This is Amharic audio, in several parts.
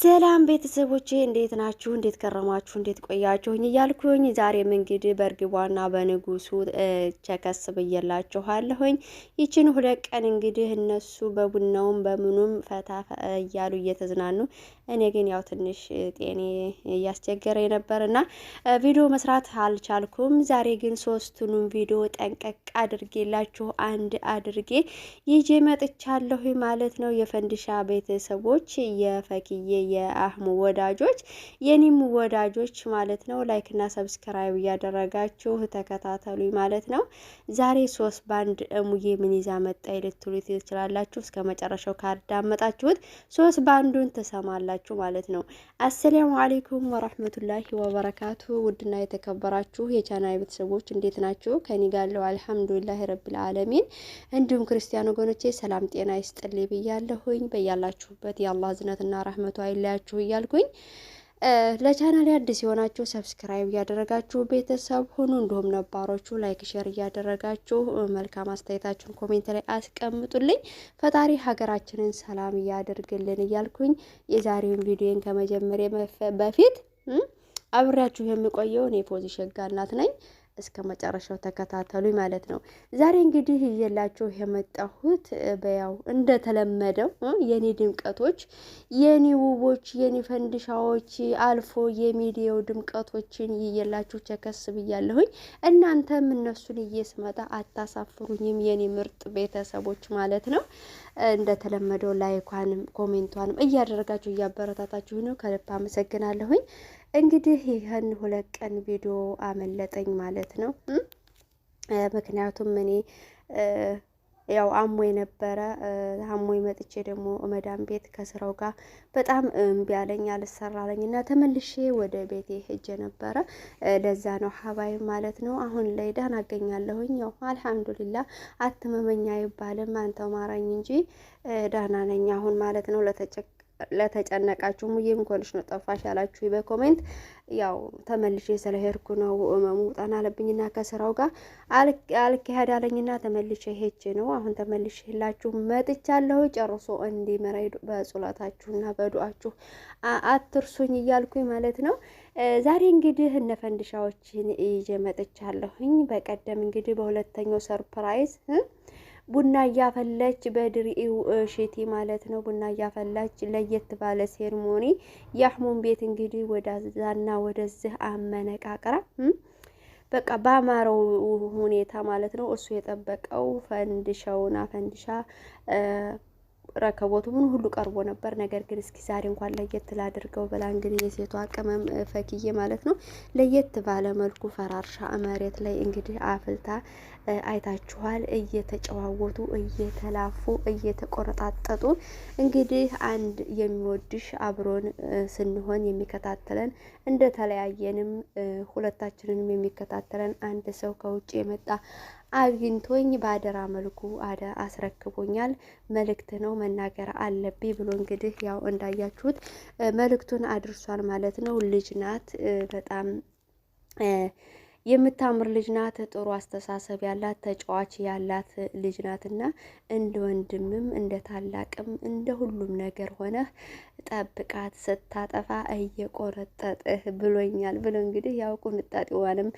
ሰላም ቤተሰቦቼ እንዴት ናችሁ? እንዴት ከረማችሁ? እንዴት ቆያችሁኝ? እያልኩኝ ዛሬም እንግዲህ በእርግቧና በንጉሱ ቸከስ ብዬላችኋለሁኝ። ይችን ሁለት ቀን እንግዲህ እነሱ በቡናውም በምኑም ፈታ እያሉ እየተዝናኑ፣ እኔ ግን ያው ትንሽ ጤኔ እያስቸገረ ነበር እና ቪዲዮ መስራት አልቻልኩም። ዛሬ ግን ሶስቱንም ቪዲዮ ጠንቀቅ አድርጌላችሁ አንድ አድርጌ ይዤ መጥቻለሁ ማለት ነው። የፈንዲሻ ቤተሰቦች የፈክዬ የአህሙ ወዳጆች የኔም ወዳጆች ማለት ነው። ላይክና ሰብስክራይብ እያደረጋችሁ ተከታተሉ ማለት ነው። ዛሬ ሶስት ባንድ እሙዬ ምን ይዛ መጣ ልትሉ ትችላላችሁ። እስከ መጨረሻው ካዳመጣችሁት ሶስት ባንዱን ትሰማላችሁ ማለት ነው። አሰላሙ አሌይኩም ወረህመቱላሂ ወበረካቱ። ውድና የተከበራችሁ የቻናል ቤተሰቦች እንዴት ናችሁ? ከኔ ጋለው አልሐምዱሊላህ ረብል አለሚን። እንዲሁም ክርስቲያን ወገኖቼ ሰላም ጤና ይስጥልኝ ብያለሁኝ። በያላችሁበት የአላህ ዝነትና ረህመቱ አይለያችሁ እያልኩኝ ለቻናል አዲስ የሆናችሁ ሰብስክራይብ እያደረጋችሁ ቤተሰብ ሁኑ። እንዲሁም ነባሮቹ ላይክ፣ ሼር እያደረጋችሁ መልካም አስተያየታችሁን ኮሜንት ላይ አስቀምጡልኝ። ፈጣሪ ሀገራችንን ሰላም እያደርግልን እያልኩኝ የዛሬውን ቪዲዮን ከመጀመሪያ በፊት አብሬያችሁ የሚቆየውን የፖዚሽን ጋናት ነኝ። እስከ መጨረሻው ተከታተሉ ማለት ነው። ዛሬ እንግዲህ እየላችሁ የመጣሁት በያው እንደተለመደው የኔ ድምቀቶች፣ የኔ ውቦች፣ የኔ ፈንድሻዎች አልፎ የሚዲያው ድምቀቶችን እየላችሁ ቸከስ ብያለሁኝ። እናንተም እነሱን እየስመጣ አታሳፍሩኝም የኔ ምርጥ ቤተሰቦች ማለት ነው። እንደተለመደው ላይኳንም ኮሜንቷንም እያደረጋችሁ እያበረታታችሁ ነው። ከልብ አመሰግናለሁኝ። እንግዲህ ይህን ሁለት ቀን ቪዲዮ አመለጠኝ ማለት ነው። ምክንያቱም እኔ ያው አሞ የነበረ አሞ መጥቼ ደግሞ መዳም ቤት ከስራው ጋር በጣም እምቢ አለኝ አልሰራለኝ እና ተመልሼ ወደ ቤቴ ሄጄ ነበረ። ለዛ ነው ሀባይ ማለት ነው። አሁን ላይ ደህና አገኛለሁኝ። ያው አልሐምዱሊላ አትመመኛ አይባልም አንተው ማራኝ እንጂ ደህና ነኝ አሁን ማለት ነው። ለተጨ ለተጨነቃችሁ ሙዬም ኮንዲሽነር ጠፋሽ ያላችሁ በኮሜንት ያው ተመልሼ ስለሄድኩ ነው እመሙ መውጣን አለብኝና ከስራው ጋር አልካሄድ አለኝና ተመልሼ ሄጄ ነው። አሁን ተመልሼ ላችሁ መጥቻለሁ። ጨርሶ እንዲመራ በጸሎታችሁና በዱአችሁ አትርሱኝ እያልኩኝ ማለት ነው። ዛሬ እንግዲህ እነ ፈንድሻዎችን ይዤ መጥቻለሁኝ። በቀደም እንግዲህ በሁለተኛው ሰርፕራይዝ ቡና እያፈላች በድርኢው ሽቲ ማለት ነው። ቡና እያፈላች ለየት ባለ ሴርሞኒ የአህሙን ቤት እንግዲህ ወደዛና ወደዚህ አመነቃቅራ በቃ በአማረው ሁኔታ ማለት ነው። እሱ የጠበቀው ፈንድሻውና ፈንድሻ ረከቦቱ ምን ሁሉ ቀርቦ ነበር። ነገር ግን እስኪ ዛሬ እንኳን ለየት ላድርገው ብላ እንግዲህ የሴቷ ቅመም ፈክዬ ማለት ነው ለየት ባለ መልኩ ፈራርሻ መሬት ላይ እንግዲህ አፍልታ አይታችኋል። እየተጨዋወቱ እየተላፉ እየተቆረጣጠጡ እንግዲህ አንድ የሚወድሽ አብሮን ስንሆን የሚከታተለን እንደተለያየንም ሁለታችንንም የሚከታተለን አንድ ሰው ከውጭ የመጣ አግኝቶኝ በአደራ መልኩ አደ አስረክቦኛል። መልእክት ነው መናገር አለብኝ ብሎ እንግዲህ ያው እንዳያችሁት መልእክቱን አድርሷል ማለት ነው። ልጅ ናት በጣም የምታምር ልጅ ናት። ጥሩ አስተሳሰብ ያላት ተጫዋች ያላት ልጅ ናትና እንደ ወንድምም እንደ ታላቅም እንደ ሁሉም ነገር ሆነህ ጠብቃት። ስታጠፋ እየቆረጠጥህ ብሎኛል ብሎ እንግዲህ ያው ቁንጣጤዋንም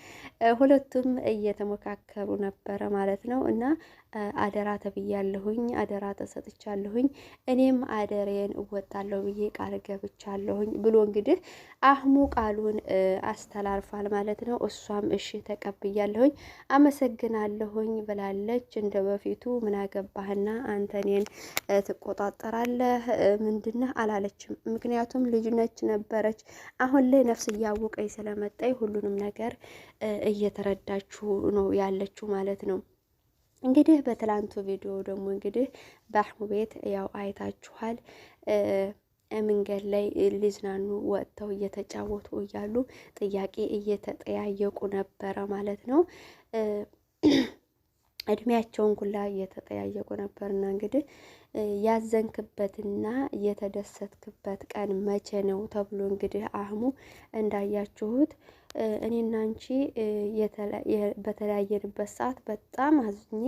ሁለቱም እየተሞካከሩ ነበረ ማለት ነው እና አደራ ተብያለሁኝ፣ አደራ ተሰጥቻለሁኝ፣ እኔም አደሬን እወጣለሁ ብዬ ቃል ገብቻለሁኝ ብሎ እንግዲህ አህሙ ቃሉን አስተላልፏል ማለት ነው። እሷም እሺ ተቀብያለሁኝ፣ አመሰግናለሁኝ ብላለች። እንደ በፊቱ ምን አገባህና አንተ እኔን ትቆጣጠራለህ ምንድነህ አላለችም። ምክንያቱም ልጅነች ነበረች። አሁን ላይ ነፍስ እያወቀኝ ስለመጣኝ ሁሉንም ነገር እየተረዳችሁ ነው ያለችው ማለት ነው። እንግዲህ በትላንቱ ቪዲዮ ደግሞ እንግዲህ በአህሙ ቤት ያው አይታችኋል። መንገድ ላይ ሊዝናኑ ወጥተው እየተጫወቱ እያሉ ጥያቄ እየተጠያየቁ ነበረ ማለት ነው። እድሜያቸውን ኩላ እየተጠያየቁ ነበርና እንግዲህ ያዘንክበትና የተደሰትክበት ቀን መቼ ነው ተብሎ እንግዲህ አህሙ እንዳያችሁት እኔና አንቺ በተለያየንበት ሰዓት በጣም አዝኜ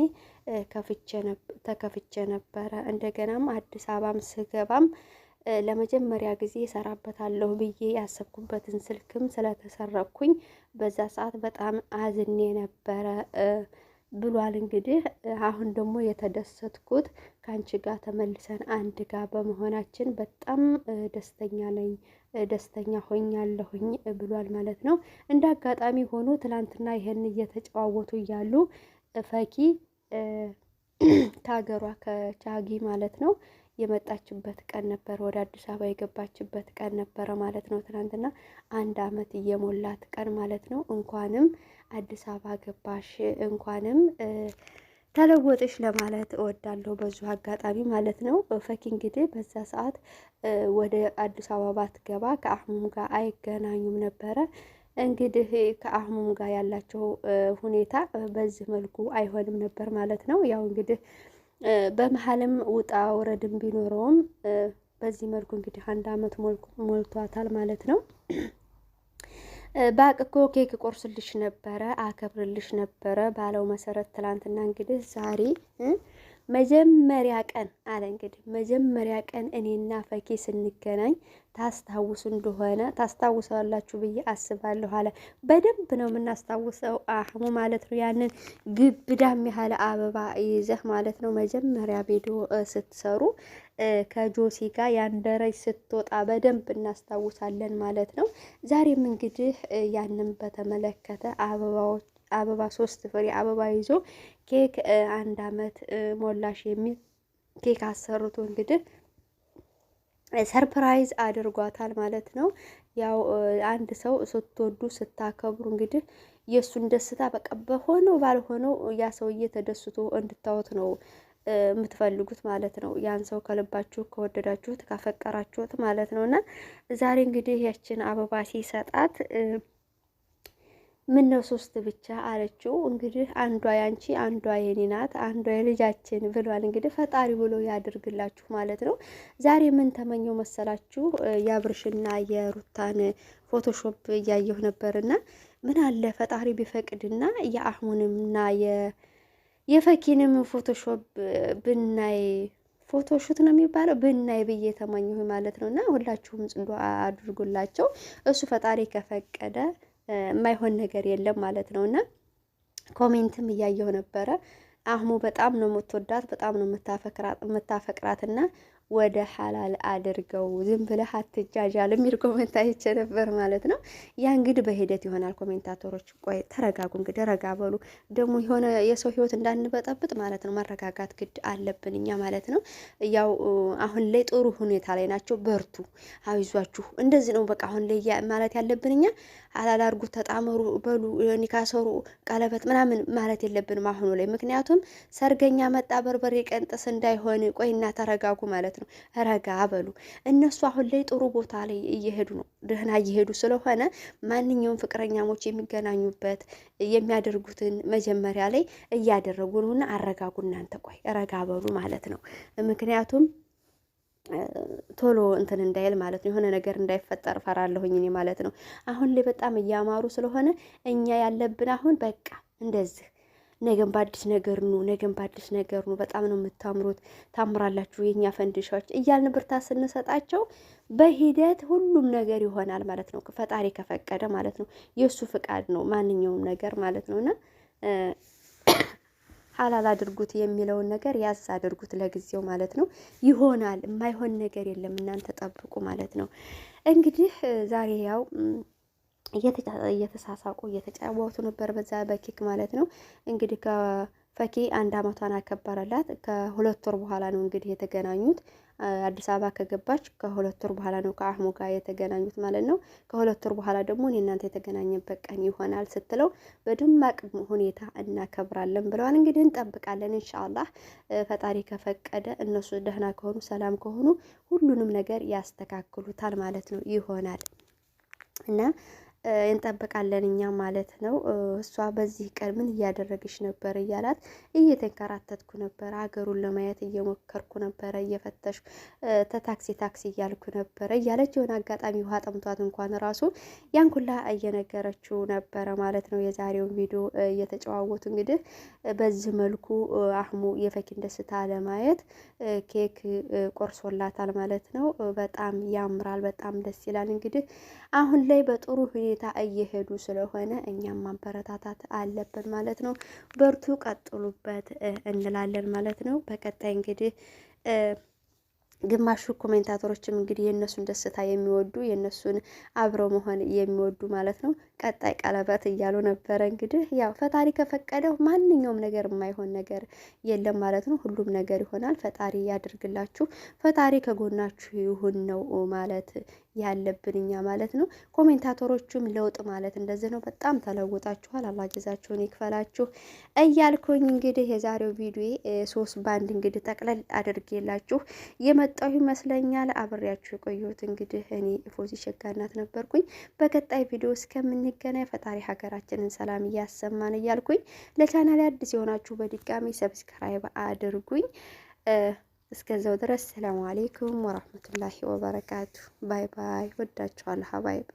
ተከፍቼ ነበረ። እንደገናም አዲስ አበባም ስገባም ለመጀመሪያ ጊዜ እሰራበታለሁ ብዬ ያሰብኩበትን ስልክም ስለተሰረኩኝ በዛ ሰዓት በጣም አዝኔ ነበረ። ብሏል። እንግዲህ አሁን ደግሞ የተደሰትኩት ከአንቺ ጋር ተመልሰን አንድ ጋር በመሆናችን በጣም ደስተኛ ነኝ፣ ደስተኛ ሆኛለሁኝ ብሏል ማለት ነው። እንደ አጋጣሚ ሆኖ ትናንትና ይሄን እየተጨዋወቱ እያሉ ፈኪ ከሀገሯ ከቻጊ ማለት ነው የመጣችበት ቀን ነበር። ወደ አዲስ አበባ የገባችበት ቀን ነበረ ማለት ነው። ትናንትና አንድ አመት እየሞላት ቀን ማለት ነው። እንኳንም አዲስ አበባ ገባሽ፣ እንኳንም ተለወጥሽ ለማለት እወዳለሁ በዙ አጋጣሚ ማለት ነው። ፈኪ እንግዲህ በዛ ሰዓት ወደ አዲስ አበባ ትገባ ከአህሙም ጋር አይገናኙም ነበረ። እንግዲህ ከአህሙም ጋር ያላቸው ሁኔታ በዚህ መልኩ አይሆንም ነበር ማለት ነው። ያው እንግዲህ በመሀልም ውጣ ውረድም ቢኖረውም በዚህ መልኩ እንግዲህ አንድ አመት ሞልቷታል ማለት ነው። በአቅኮ ኬክ ቆርስልሽ ነበረ አከብርልሽ ነበረ ባለው መሰረት ትላንትና እንግዲህ ዛሬ መጀመሪያ ቀን አለ እንግዲህ መጀመሪያ ቀን እኔና ፈኬ ስንገናኝ ታስታውሱ እንደሆነ ታስታውሰዋላችሁ ብዬ አስባለሁ አለ። በደንብ ነው የምናስታውሰው አህሙ ማለት ነው። ያንን ግብዳም ያህል አበባ ይዘህ ማለት ነው መጀመሪያ ቪዲዮ ስትሰሩ ከጆሲ ጋር ደረጅ ስትወጣ በደንብ እናስታውሳለን ማለት ነው። ዛሬም እንግዲህ ያንን በተመለከተ አበባዎች አበባ ሶስት ፍሬ አበባ ይዞ ኬክ አንድ አመት ሞላሽ የሚል ኬክ አሰርቶ እንግዲህ ሰርፕራይዝ አድርጓታል ማለት ነው። ያው አንድ ሰው ስትወዱ ስታከብሩ እንግዲህ የእሱን ደስታ በቃ በሆነው ባልሆነው ያ ሰውዬ ተደስቶ እንድታወት ነው የምትፈልጉት ማለት ነው። ያን ሰው ከልባችሁ ከወደዳችሁት ካፈቀራችሁት ማለት ነው። እና ዛሬ እንግዲህ ያችን አበባ ሲሰጣት ምን ነው ሶስት ብቻ አለችው። እንግዲህ አንዷ ያንቺ አንዷ የኔ ናት አንዷ የልጃችን ብሏል። እንግዲህ ፈጣሪ ብሎ ያድርግላችሁ ማለት ነው። ዛሬ ምን ተመኘው መሰላችሁ? የአብርሽና የሩታን ፎቶሾፕ እያየሁ ነበርና ምን አለ ፈጣሪ ቢፈቅድና የአህሙንምና የፈኪንም ፎቶሾፕ ብናይ ፎቶሹት ነው የሚባለው ብናይ ብዬ ተመኘሁ ማለት ነው። እና ሁላችሁም ጽዱ አድርጉላቸው እሱ ፈጣሪ ከፈቀደ የማይሆን ነገር የለም ማለት ነው። እና ኮሜንትም እያየው ነበረ አህሙ በጣም ነው የምትወዳት፣ በጣም ነው የምታፈቅራት እና ወደ ሀላል አድርገው። ዝም ብለህ አትጃጃል የሚል ኮሜንት አይቼ ነበር ማለት ነው። ያ እንግዲህ በሂደት ይሆናል። ኮሜንታተሮች ቆይ ተረጋጉ፣ እንግዲህ ረጋ በሉ። ደግሞ የሆነ የሰው ህይወት እንዳንበጠብጥ ማለት ነው መረጋጋት ግድ አለብን እኛ ማለት ነው። ያው አሁን ላይ ጥሩ ሁኔታ ላይ ናቸው። በርቱ፣ አይዟችሁ። እንደዚህ ነው በቃ አሁን ላይ ማለት ያለብን እኛ። ሀላል አድርጉ፣ ተጣመሩ፣ በሉ፣ ኒካሰሩ፣ ቀለበት ምናምን ማለት የለብንም አሁኑ ላይ። ምክንያቱም ሰርገኛ መጣ በርበሬ ቀንጥስ እንዳይሆን ቆይና ተረጋጉ ማለት ነው። ማለት ነው። ረጋ በሉ እነሱ አሁን ላይ ጥሩ ቦታ ላይ እየሄዱ ነው። ደህና እየሄዱ ስለሆነ ማንኛውም ፍቅረኛሞች የሚገናኙበት የሚያደርጉትን መጀመሪያ ላይ እያደረጉ ነውና አረጋጉ እናንተ ቆይ ረጋ በሉ ማለት ነው። ምክንያቱም ቶሎ እንትን እንዳይል ማለት ነው። የሆነ ነገር እንዳይፈጠር ፈራለሁኝ እኔ ማለት ነው። አሁን ላይ በጣም እያማሩ ስለሆነ እኛ ያለብን አሁን በቃ እንደዚህ ነገም በአዲስ ነገር ኑ፣ ነገም በአዲስ ነገር ኑ፣ በጣም ነው የምታምሩት፣ ታምራላችሁ፣ የኛ ፈንድሻዎች እያልን ብርታ ስንሰጣቸው በሂደት ሁሉም ነገር ይሆናል ማለት ነው። ፈጣሪ ከፈቀደ ማለት ነው። የእሱ ፍቃድ ነው ማንኛውም ነገር ማለት ነው እና ሀላል አድርጉት የሚለውን ነገር ያዝ አድርጉት ለጊዜው ማለት ነው። ይሆናል፣ የማይሆን ነገር የለም። እናንተ ጠብቁ ማለት ነው። እንግዲህ ዛሬ ያው እየተሳሳቁ እየተጫወቱ ነበር፣ በዛ በኬክ ማለት ነው። እንግዲህ ከፈኪ አንድ አመቷን አከበረላት። ከሁለት ወር በኋላ ነው እንግዲህ የተገናኙት። አዲስ አበባ ከገባች ከሁለት ወር በኋላ ነው ከአህሙ ጋር የተገናኙት ማለት ነው። ከሁለት ወር በኋላ ደግሞ እኔ እናንተ የተገናኘበት ቀን ይሆናል ስትለው በደማቅ ሁኔታ እናከብራለን ብለዋል። እንግዲህ እንጠብቃለን እንሻአላህ ፈጣሪ ከፈቀደ እነሱ ደህና ከሆኑ ሰላም ከሆኑ ሁሉንም ነገር ያስተካክሉታል ማለት ነው ይሆናል እና እንጠብቃለን እኛ ማለት ነው። እሷ በዚህ ቀን ምን እያደረገች ነበር እያላት እየተንከራተትኩ ነበረ፣ ሀገሩን ለማየት እየሞከርኩ ነበረ፣ እየፈተሽ ተታክሲ ታክሲ እያልኩ ነበረ እያለች የሆነ አጋጣሚ ውሃ ጠምቷት እንኳን ራሱ ያን ኩላ እየነገረችው ነበረ ማለት ነው። የዛሬውን ቪዲዮ እየተጨዋወቱ እንግዲህ በዚህ መልኩ አህሙ የፈኪን ደስታ ለማየት ኬክ ቆርሶላታል ማለት ነው። በጣም ያምራል፣ በጣም ደስ ይላል። እንግዲህ አሁን ላይ በጥሩ ሁኔታ ሁኔታ እየሄዱ ስለሆነ እኛም ማበረታታት አለብን ማለት ነው። በርቱ፣ ቀጥሉበት እንላለን ማለት ነው። በቀጣይ እንግዲህ ግማሹ ኮሜንታተሮችም እንግዲህ የእነሱን ደስታ የሚወዱ የእነሱን አብረው መሆን የሚወዱ ማለት ነው ቀጣይ ቀለበት እያሉ ነበረ። እንግዲህ ያው ፈጣሪ ከፈቀደው ማንኛውም ነገር የማይሆን ነገር የለም ማለት ነው። ሁሉም ነገር ይሆናል። ፈጣሪ ያድርግላችሁ። ፈጣሪ ከጎናችሁ ይሁን ነው ማለት ያለብን እኛ ማለት ነው። ኮሜንታተሮቹም ለውጥ ማለት እንደዚህ ነው። በጣም ተለውጣችኋል። አላህ ጀዛችሁን ይክፈላችሁ እያልኩኝ እንግዲህ የዛሬው ቪዲዮ ሶስት ባንድ እንግዲህ ጠቅለል አድርጌላችሁ የመጣሁ ይመስለኛል። አብሬያችሁ የቆየሁት እንግዲህ እኔ ፎዚ ሸጋናት ነበርኩኝ። በቀጣይ ቪዲዮ እስከምንገናኝ ፈጣሪ ሀገራችንን ሰላም እያሰማን እያልኩኝ ለቻናል አዲስ የሆናችሁ በድጋሚ ሰብስክራይብ አድርጉኝ። እስከዛው ድረስ ሰላም አሌይኩም ወራህመቱላሂ ወበረካቱ። ባይ ባይ። ወዳችኋለሁ ሀባይብ